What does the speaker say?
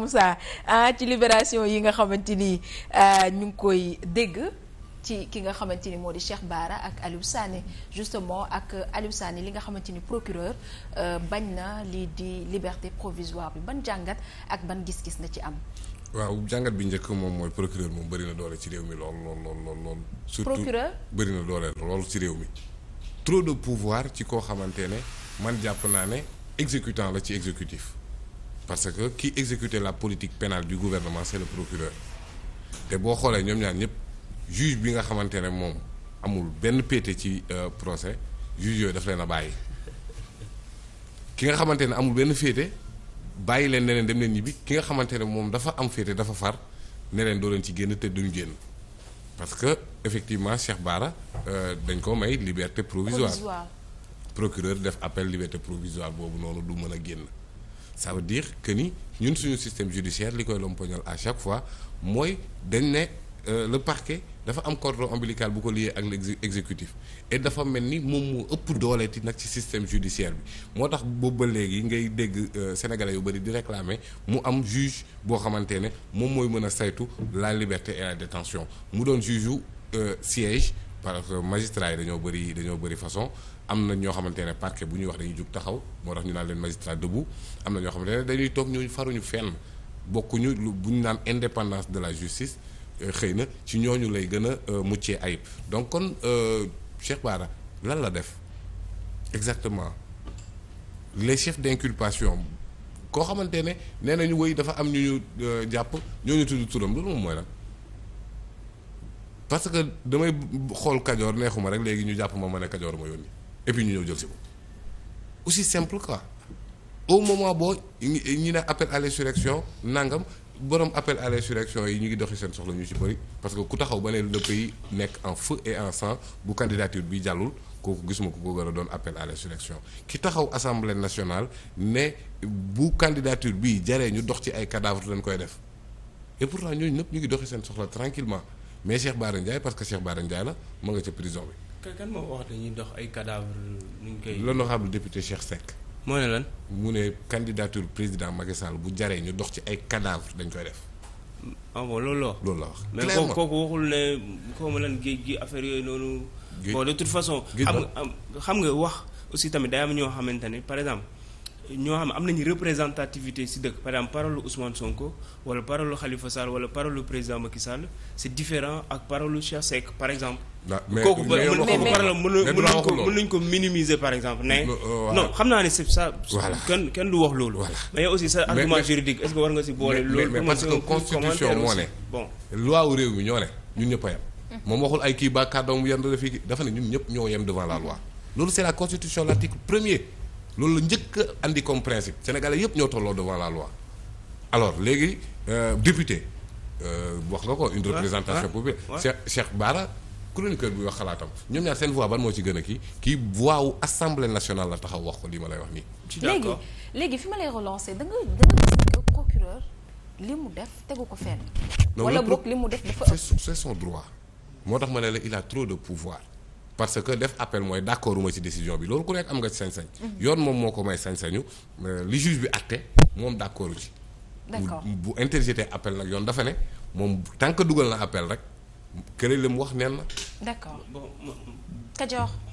Moussa ah ci libération yi nga xamante ni ah, ñu ngi koy dégg ci ki nga xamante ni moo di Cheikh baara ak Aliou Sané justement ak Aliou Sané li nga xamante ni procureur euh, bañ na lii di liberté provisoire bi ban jàngat ak ban gis-gis nga ci am. waaw jàngat bi njëkk moom mooy procureur moom bëri na doole ci réew mi lool lool lool lool lool. surtout procureur doole lool ci réew mi. trop de pouvoir ci koo xamante ne man jàpp naa ne exécutant la ci exécutif. parce que qui exécute la politique pénale du gouvernement c'est le procureur te boo xoolee ñoom ñaar ñëpp juge bi nga xamante ne moom amul benn pété ci euh, procès juge yooyu daf leen a bàyyi ki nga xamante ne amul benn féete bàyyi leen ne dem leen ñibbi ki nga xamante ne moom dafa am féete dafa far ne doo leen ci génn te duñu génn parce que effectivement Cheikh Bara euh, dañ ko may liberté provisoire procureur def appel liberté provisoire boobu noonu du mën a génn ça veut dire que ni ñun suñu système judiciaire li koy lompoñal à chaque fois mooy dañ ne euh, le parquet dafa am cordon ombilical bu ko lié ak l'exécutif et dafa mel ni moom moo ëpp dooleeti nag ci système judiciaire bi moo tax boobu ba léegi ngay dégg euh, sénégalais yu bëri di réclamer mu am juge boo xamante ne moom mooy mën a saytu la liberté et la détention mu doon juge yu euh, siège parce que magistrats yi dañoo bëri dañoo bëri façon am na ñoo xamante ne parquet bu ñuy wax dañuy jug taxaw moo tax ñu naan leen magistrat debout am na ñoo xamante ne dañuy toog ñooñu faruñu fenn bokkuñu lu bu ñu naan indépendance de la justice euh, xëy na ci ñu lay gën a euh, muccee ayib donc kon euh, Cheikh Bara lan la def exactement les chefs d'inculpation koo xamante ne nee nañu wëy dafa am ñu ñu jàpp ñooñu tudd turam loolu moom mooy lan parce que damay xool kajoor neexuma rek léegi ñu jàpp ma ma ne kajoor ma yónni et puis ñu ñëw jël si ko aussi simple quoi au moment boo ñi ne appel à surection nangam borom appel à l'insurrection yi ñu ngi doxi seen soxla ñu ci bëri parce que ku taxaw ba ne le pays nekk en feu et en sang bu candidature bi jàllul kooku gisuma ko ko gën a doon appel à surection ki taxaw assemblée nationale ne bu candidature bi jaree ñu dox ci ay cadavre dañ koy def et pourtant ñooñu ñëpp ñu ngi doxi seen soxla tranquillement mais Cheikh Bara Ndiaye parce que Cheikh Bara Ndiaye la ma nga ca prison bi. kan moo wax dañuy dox ay cadavre ñu koy. l'honorable député Cheikh Seck. moo ne lan. mu ne candidature président Macky Sall bu jaree ñu dox ci ay cadavre dañ koy def. ah bon loolu la wax. loolu la wax mais kooku kooku waxul ne xaw ma lan géej gi affaire yooyu noonu. de toute façon. xam nga wax aussi tamit day am ñoo xamante ne par exemple. ñoo xam am nañu représentativité ci dëkk par exemple parole Ousmane Sonko wala parole Khalifa Sall wala parole président Macky Sall c'est différent ak parole Cheikh Seck par exemple. kooku ba mën nañ ko minimiser par exemple ne non xam naa ne c'est ça kenn kenn du wax loolu mais aussi sa argument juridique est-ce que war nga ci boole loolu parce que constitution moo ne bon loi wu réew mi ñoo ne ñun ñëpp a yem hmm. moom waxul ay kii ba kàddoom yenn dafa ne ñun ñëpp ñoo yem devant la loi loolu c'est la constitution l'article premier loolu la njëkk a andi comme principe sénégalais yëpp ñoo tolloo devant la loi alors léegi euh, député euh, wax nga ko une représentation populaire Cheikh Cheikh Bara chroniqueur bi wax xalaatam ñoom ñaar seen voix ban moo ci gën a kii kii voix wu assemblée nationale la taxaw wax ko lii ma lay wax nii léegi léegi fi ma lay relancer da nga da nga procureur li mu def tegu ko fenn wala boog li mu def dafa c'est son droit moo tax ma ne la il a trop de pouvoir parce que def appel mooy d' accord uma ci décision bi loolu ku nekk am nga sañ-sañ. Mhm. yoon moom moo ko may sañ-sañu li juge bi àtte moom d' accord ci. bu interjeté appel nag yoon dafa ne moom tant que dugal na appel rek kële li mu wax neen na. d' accord bon Kajoor